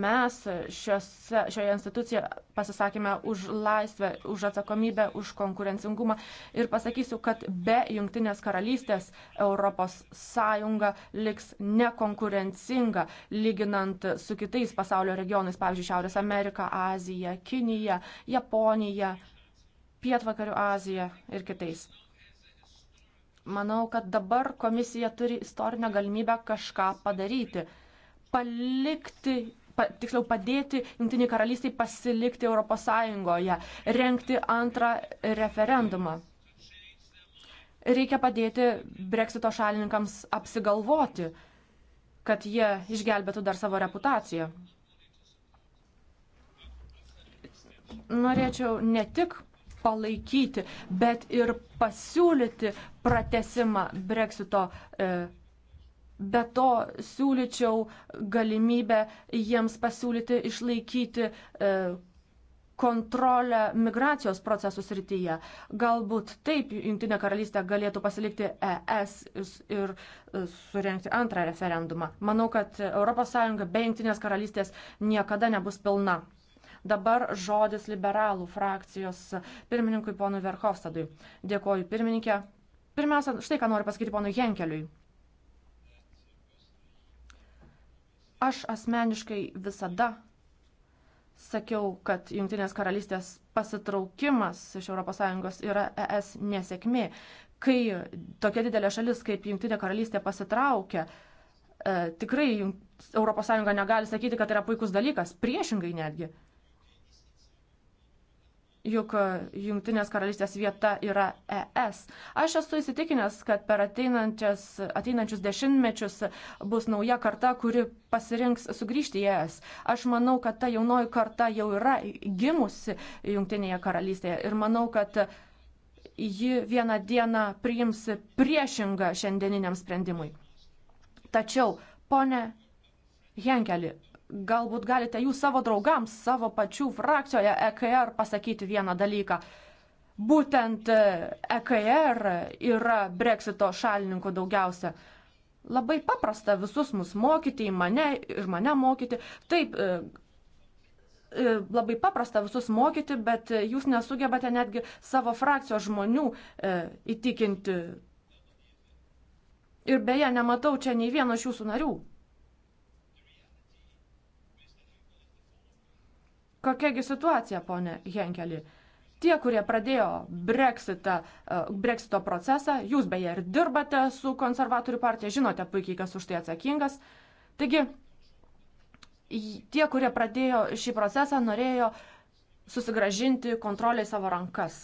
mes šiose, šioje institucijoje pasisakėme už laisvę, už atsakomybę, už konkurencingumą ir pasakysiu, kad be Junktinės karalystės ES liks nekonkurencinga, lyginant su kitais pasaulio regionais, pavyzdžiui, Šiaurės Amerika, Azija, Kinija, Japonija. Pietvakarių Aziją ir kitais. Manau, kad dabar komisija turi istorinę galimybę kažką padaryti. Palikti, pa, tiksliau padėti Junktiniai karalystiai pasilikti ES, renkti antrą referendumą. Reikia padėti breksito šalininkams apsigalvoti, kad jie išgelbėtų dar savo reputaciją norėčiau ne tik palaikyti, bet ir pasiūlyti pratesimą breksito. E, be to siūlyčiau galimybę jiems pasiūlyti išlaikyti e, kontrolę migracijos procesų srityje. Galbūt taip Junktinė karalystė galėtų pasilikti ES ir e, surenkti antrą referendumą. Manau, kad ES be Junktinės karalystės niekada nebus pilna. Dabar žodis liberalų frakcijos pirmininkui ponui Verhofstadui. Dėkoju pirmininkė. Pirmiausia, štai ką noriu pasakyti ponui Henkeliui. Aš asmeniškai visada sakiau, kad Junktinės karalystės pasitraukimas iš ES yra ES nesėkmė. Kai tokia didelė šalis kaip Junktinė karalystė pasitraukia, e, tikrai ES negali sakyti, kad tai yra puikus dalykas, priešingai netgi juk e, Junktinės karalystės vieta yra ES. Aš esu įsitikinęs, kad per ateinančius dešimtmečius bus nauja karta, kuri pasirinks sugrįžti į ES. Aš manau, kad ta jaunoji karta jau yra gimusi Junktinėje karalystėje ir manau, kad ji vieną dieną priims priešingą šiandieniniam sprendimui. Tačiau, ponė Henkeli, galbūt galite jūs savo draugams, savo pačių frakcijoje EKR pasakyti vieną dalyką. Būtent EKR e yra breksito šalininkų daugiausia. Labai paprasta visus mus mokyti, į mane ir mane mokyti. Taip, e, e, labai paprasta visus mokyti, bet jūs nesugebate netgi savo frakcijos žmonių įtikinti. Ir beje, nematau čia nei vieno iš jūsų narių. Kokiagi situacija, ponė Henkeli? Tie, kurie pradėjo Brexitą, e, Brexito procesą, jūs beje ir dirbate su konservatorių partija, žinote puikiai, kas už tai atsakingas. Taigi, tie, kurie pradėjo šį procesą, norėjo susigražinti kontrolę į savo rankas.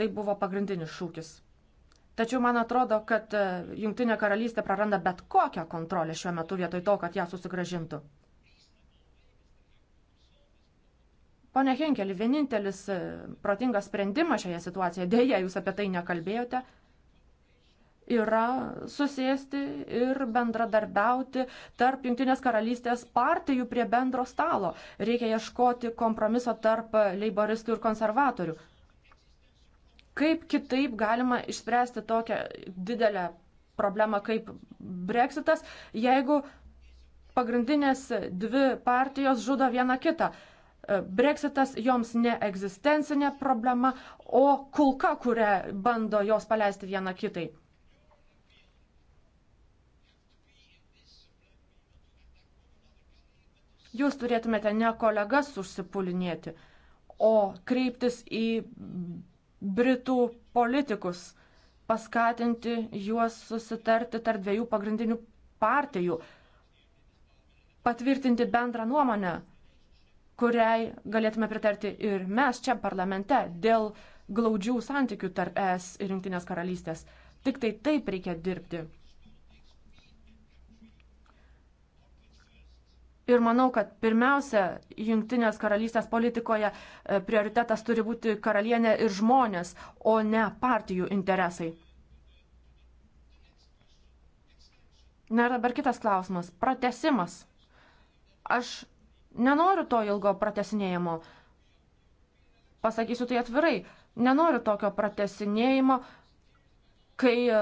Tai buvo pagrindinis šūkis. Tačiau man atrodo, kad e, Junktinė karalystė praranda bet kokią kontrolę šiuo metu vietoj to, kad ją susigražintų. Pone Henkeli, vienintelis e, protingas sprendimas šioje situacijoje, dėja jūs apie tai nekalbėjote, yra susėsti ir bendradarbiauti tarp Junktinės karalystės partijų prie bendro stalo. Reikia ieškoti kompromiso tarp leiboristų ir konservatorių. Kaip kitaip galima išspręsti tokią didelę problemą kaip Brexitas, jeigu pagrindinės dvi partijos žudo vieną kitą? E, Brexitas joms ne egzistencinė problema, o kulka, kurią bando jos paleisti vieną kitai. Jūs turėtumėte ne kolegas užsipulinėti, o kreiptis į Britų politikus, paskatinti juos susitarti tarp dviejų pagrindinių partijų, patvirtinti bendrą nuomonę kuriai galėtume pritarti ir mes čia parlamente dėl glaudžių santykių tarp ES ir Junktinės karalystės. Tik tai taip reikia dirbti. Ir manau, kad pirmiausia, Junktinės karalystės politikoje e, prioritetas turi būti karalienė ir žmonės, o ne partijų interesai. Na ir dabar kitas klausimas. Pratesimas. Aš Nenoriu to ilgo pratesinėjimo. Pasakysiu tai atvirai. Nenoriu tokio pratesinėjimo, kai e,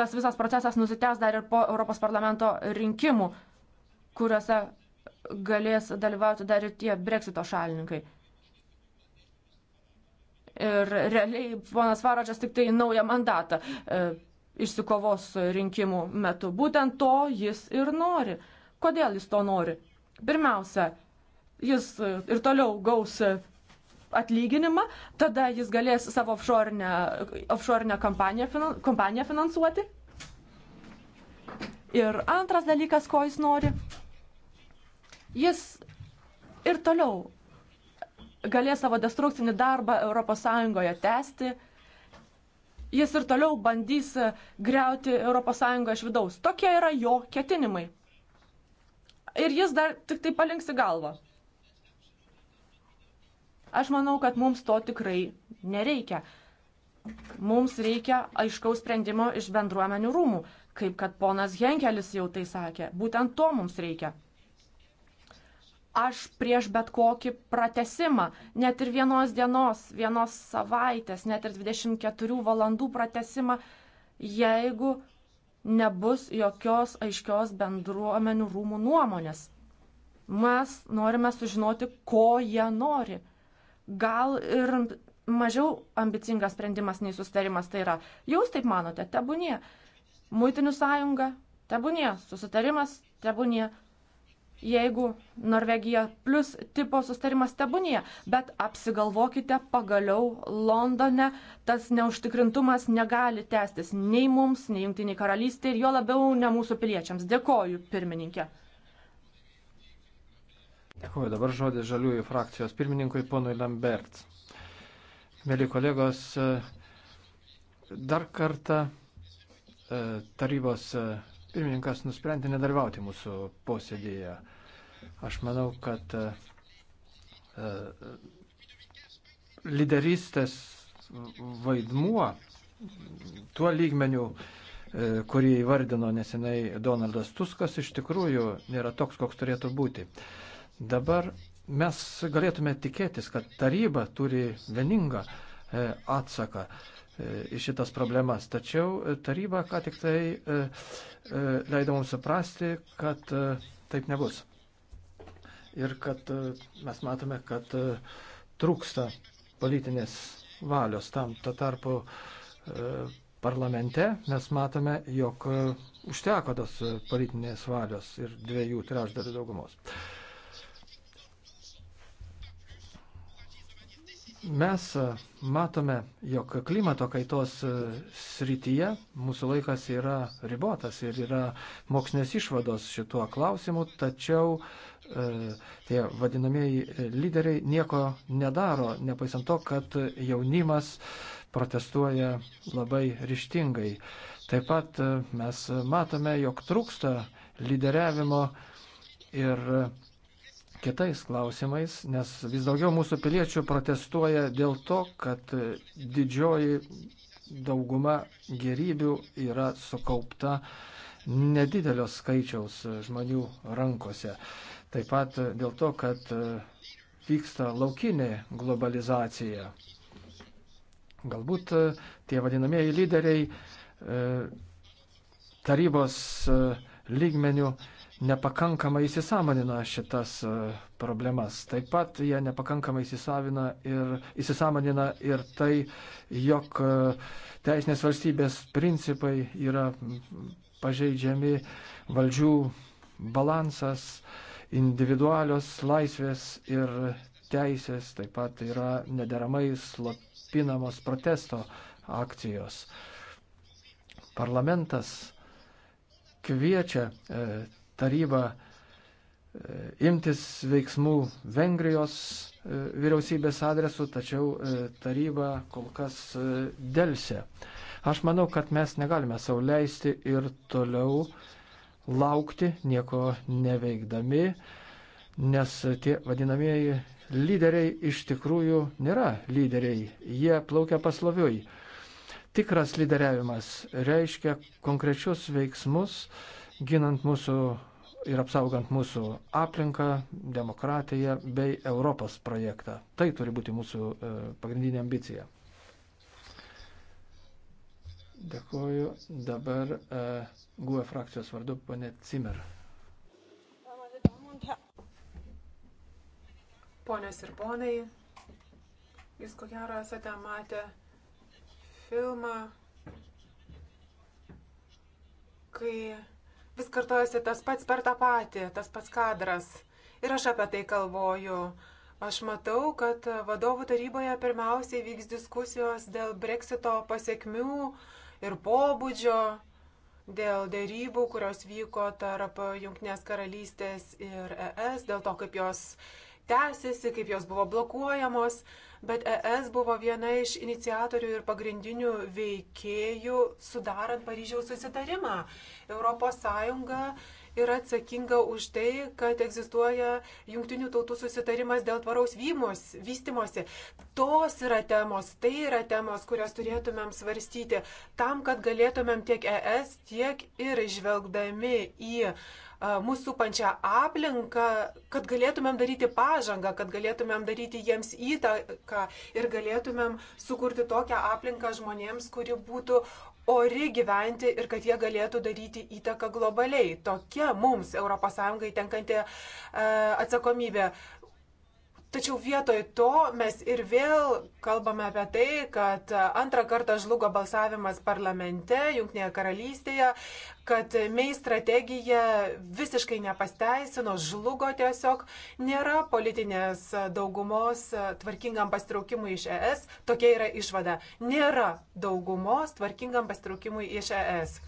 tas visas procesas nusitęs dar ir po Europos parlamento rinkimų, kuriuose galės dalyvauti dar ir tie breksito šalininkai. Ir realiai ponas Faradžas tik tai naują mandatą e, išsikovos rinkimų metu. Būtent to jis ir nori. Kodėl jis to nori? Pirmiausia, jis e, ir toliau gaus e, atlyginimą, tada jis galės savo offshore, offshore kompaniją, finan, kompaniją finansuoti. Ir antras dalykas, ko jis nori, jis ir toliau galės savo destrukcinį darbą ES tęsti. Jis ir toliau bandys e, greuti ES iš vidaus. Tokie yra jo ketinimai ir jis dar tik tai palinksi galvą. Aš manau, kad mums to tikrai nereikia. Mums reikia aiškaus sprendimo iš bendruomenių rūmų, kaip kad ponas Henkelis jau tai sakė. Būtent to mums reikia. Aš prieš bet kokį pratesimą, net ir vienos dienos, vienos savaitės, net ir 24 valandų pratesimą, jeigu nebus jokios aiškios bendruomenių rūmų nuomonės. Mes norime sužinoti, ko jie nori. Gal ir mažiau ambicingas sprendimas nei susitarimas tai yra. Jūs taip manote, tebūnie. Muitinių sąjunga, tebūnie. Susitarimas, tebūnie jeigu Norvegija plus tipo sustarimas tebūnėje, bet apsigalvokite pagaliau Londone, tas neužtikrintumas negali tęstis nei mums, nei Junktiniai karalystė ir jo labiau ne mūsų piliečiams. Dėkoju, pirmininkė. Dėkuoju, dabar žodis žaliųjų frakcijos pirmininkui ponui Lambert. Mėly kolegos, e, dar kartą e, tarybos e, pirmininkas nusprendė nedarbiauti mūsų posėdėje. Aš manau, kad e, e, lyderystės vaidmuo tuo lygmeniu, e, kurį įvardino nesenai Donaldas Tuskas, iš tikrųjų nėra toks, koks turėtų būti. Dabar mes galėtume tikėtis, kad taryba turi vieningą atsaką į šitas problemas. Tačiau e, taryba ką tik tai e, e, leido mums suprasti, kad taip nebus. Ir kad mes matome, kad trūksta politinės valios tam. Tuo tarpu parlamente mes matome, jog užteko tos politinės valios ir dviejų trečdalių daugumos. Mes e, matome, jog klimato kaitos e, srityje mūsų laikas yra ribotas ir yra mokslinės išvados šituo klausimu, tačiau e, tie vadinamieji e, lyderiai nieko nedaro, nepaisant to, kad jaunimas protestuoja labai ryštingai. Taip pat mes matome, jog trūksta lyderiavimo ir kitais klausimais, nes vis daugiau mūsų piliečių protestuoja dėl to, kad didžioji dauguma gerybių yra sukaupta nedidelio skaičiaus žmonių rankose. Taip pat dėl to, kad vyksta laukinė globalizacija. Galbūt tie vadinamieji lyderiai e, tarybos e, lygmenių nepakankamai įsisamonina šitas e, problemas. Taip pat jie nepakankamai ir, įsisamonina ir tai, jog e, teisinės valstybės principai yra pažeidžiami, valdžių balansas, individualios laisvės ir teisės taip pat yra nederamai slopinamos protesto akcijos. Parlamentas kviečia e, tarybą e, imtis veiksmų Vengrijos e, vyriausybės adresu, tačiau e, taryba kol kas dėlse. Aš manau, kad mes negalime sauliaisti ir toliau laukti, nieko neveikdami, nes tie vadinamieji lyderiai iš tikrųjų nėra lyderiai, jie plaukia pasloviui. Tikras lyderiavimas reiškia konkrečius veiksmus, uh, ginant mūsų ir apsaugant mūsų aplinką, demokratiją bei Europos projektą. Tai turi būti mūsų e, pagrindinė ambicija. Dėkuoju. Dabar uh, GUE frakcijos vardu ponė Cimer. Ponios ir ponai, jūs ko gero esate matę filmą, kai vis kartojasi tas pats per tą patį, tas pats kadras. Ir aš apie tai kalvoju. Aš matau, kad vadovų taryboje pirmiausiai vyks diskusijos dėl breksito pasiekmių ir pobūdžio, dėl dėrybų, kurios vyko tarp Junktinės karalystės ir ES, dėl to, kaip jos tęsiasi, kaip jos buvo blokuojamos, bet ES buvo viena iš iniciatorių ir pagrindinių veikėjų sudarant Paryžiaus susitarimą. ES yra atsakinga už tai, kad egzistuoja jungtinių tautų susitarimas dėl tvaraus vymus, vystimosi. Tos yra temos, tai yra temos, kurias turėtumėm svarstyti tam, kad galėtumėm tiek ES, tiek ir žvelgdami į uh, mūsų supančią aplinką, kad galėtumėm daryti pažangą, kad galėtumėm daryti jiems įtaką ir galėtumėm sukurti tokią aplinką žmonėms, kuri būtų ori gyventi ir kad jie galėtų daryti įtaką globaliai. Tokia mums ES tenkanti atsakomybė. Tačiau vietoj to mes ir vėl kalbame apie tai, kad antrą kartą žlugo balsavimas parlamente, Junktinėje karalystėje, kad mei strategija visiškai nepasteisino, žlugo tiesiog, nėra politinės daugumos tvarkingam pastraukimui iš ES, tokia yra išvada, nėra daugumos tvarkingam pastraukimui iš ES.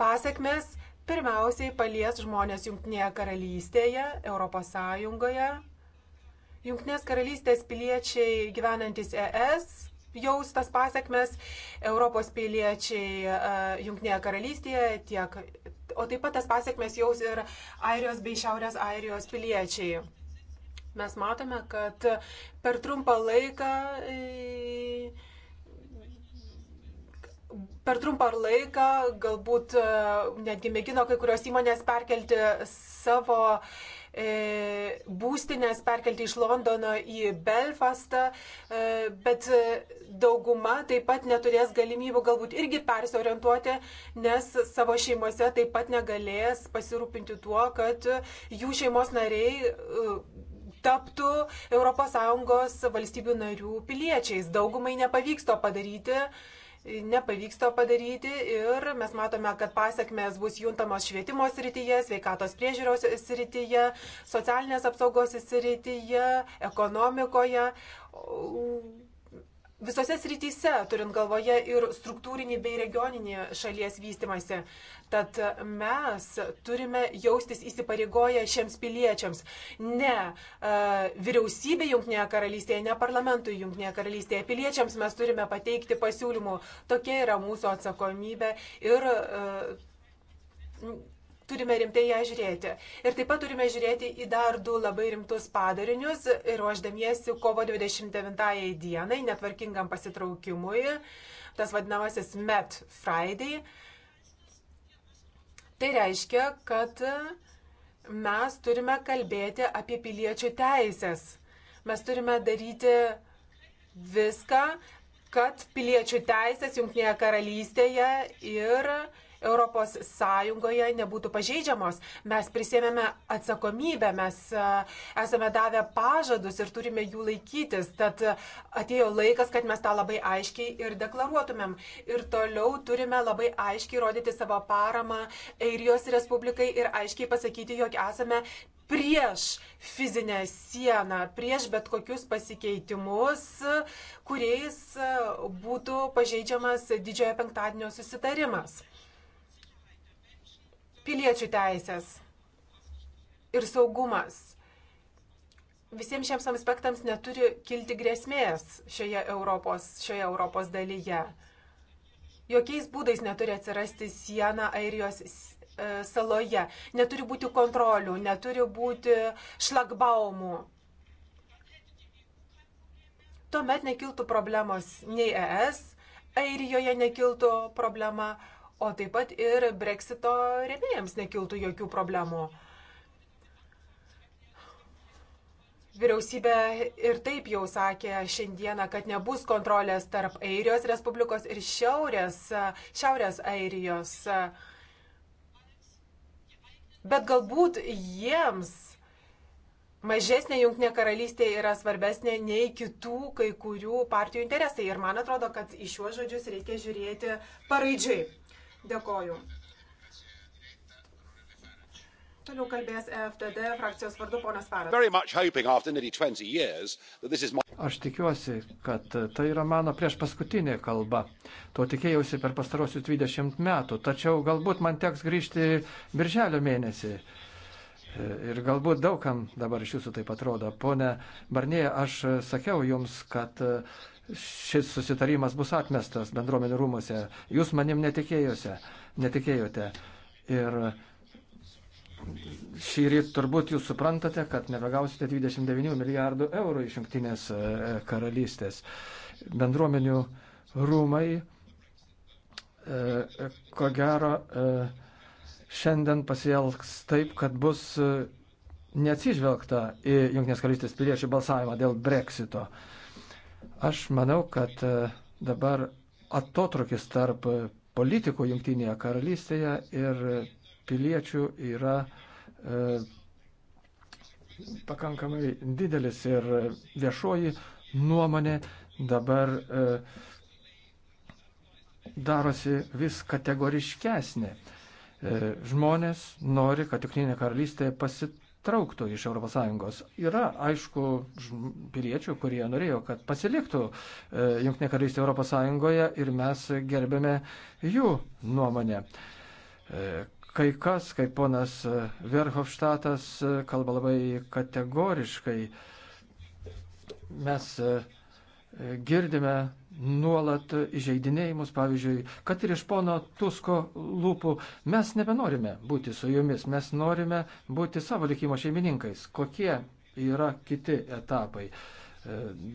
Pasėkmės pirmiausiai palies žmonės Junktinėje karalystėje, Europos Sąjungoje, Junktinės karalystės piliečiai gyvenantis ES jaus tas pasiekmes, Europos piliečiai e, Junktinėje karalystėje tiek, o taip pat tas pasiekmes jaus ir Airijos bei Šiaurės Airijos piliečiai. Mes matome, kad per trumpą laiką e, per trumpą laiką galbūt e, netgi mėgino kai kurios įmonės perkelti savo uh, E, būstinės perkelti iš Londono į Belfastą, e, bet dauguma taip pat neturės galimybių galbūt irgi persiorientuoti, nes savo šeimose taip pat negalės pasirūpinti tuo, kad jų šeimos nariai e, taptų ES valstybių narių piliečiais. Daugumai nepavyks to padaryti nepavyks to padaryti ir mes matome, kad pasiekmes bus juntamos švietimo srityje, sveikatos priežiūros srityje, socialinės apsaugos srityje, ekonomikoje visose srityse, turint galvoje ir struktūrinį bei regioninį šalies vystimąsi. Tad mes turime jaustis įsipareigoję šiems piliečiams. Ne e, vyriausybė Junktinėje karalystėje, ne parlamentui Junktinėje karalystėje. Piliečiams mes turime pateikti pasiūlymų. Tokia yra mūsų atsakomybė. Ir e, turime rimtai ją žiūrėti. Ir taip pat turime žiūrėti į dar du labai rimtus padarinius, ruoždamiesi kovo 29 dienai, netvarkingam pasitraukimui, tas vadinamasis Met Friday. Tai reiškia, kad mes turime kalbėti apie piliečių teisės. Mes turime daryti viską, kad piliečių teisės Junktinėje karalystėje ir ES nebūtų pažeidžiamos. Mes prisėmėme atsakomybę, mes e, esame davę pažadus ir turime jų laikytis. Tad e, atėjo laikas, kad mes tą labai aiškiai ir deklaruotumėm. Ir toliau turime labai aiškiai rodyti savo paramą Airijos Respublikai ir aiškiai pasakyti, jog esame prieš fizinę sieną, prieš bet kokius pasikeitimus, kuriais e, būtų pažeidžiamas didžiojo penktadienio susitarimas piliečių teisės ir saugumas. Visiems šiems aspektams neturi kilti grėsmės šioje Europos, šioje Europos dalyje. Jokiais būdais neturi atsirasti siena Airijos e, saloje, neturi būti kontrolių, neturi būti šlagbaumų. Tuomet nekiltų problemos nei ES, Airijoje nekiltų problema o taip pat ir breksito remėjams nekiltų jokių problemų. Vyriausybė ir taip jau sakė šiandieną, kad nebus kontrolės tarp Airijos Respublikos ir Šiaurės, šiaurės Airijos. Bet galbūt jiems mažesnė jungtinė karalystė yra svarbesnė nei kitų kai kurių partijų interesai. Ir man atrodo, kad į šiuos žodžius reikia žiūrėti paraidžiai. Dėkoju. Toliau kalbės FTD frakcijos vardu ponas Faras. Aš tikiuosi, kad tai yra mano priešpaskutinė kalba. To tikėjausi per pastarosius 20 metų, tačiau galbūt man teks grįžti birželio mėnesį. Ir galbūt daugam dabar iš jūsų taip atrodo. Pone Barnėje, aš sakiau jums, kad šis susitarimas bus atmestas bendruomenių rūmose. Jūs manim netikėjote. netikėjote. Ir šį rytą turbūt jūs suprantate, kad nebegausite 29 milijardų eurų iš jungtinės e, karalystės. Bendruomenių rūmai, e, ko gero, e, šiandien pasielgs taip, kad bus neatsižvelgta į jungtinės karalystės piliečių balsavimą dėl breksito. Aš manau, kad e, dabar atotrukis tarp politikų jungtinėje karalystėje ir piliečių yra e, pakankamai didelis ir viešoji nuomonė dabar e, darosi vis kategoriškesnė. E, žmonės nori, kad jungtinė karalystė pasitiktų pasitrauktų iš ES. Yra, aišku, piliečių, kurie norėjo, kad pasiliktų e, Junktinė karalystė ES ir mes gerbėme jų nuomonę. E, kai kas, kaip ponas e, Verhofštatas, kalba labai kategoriškai. Mes girdime nuolat įžeidinėjimus, pavyzdžiui, kad ir iš pono Tusko lūpų, mes nebenorime būti su jumis, mes norime būti savo likimo šeimininkais. Kokie yra kiti etapai? E,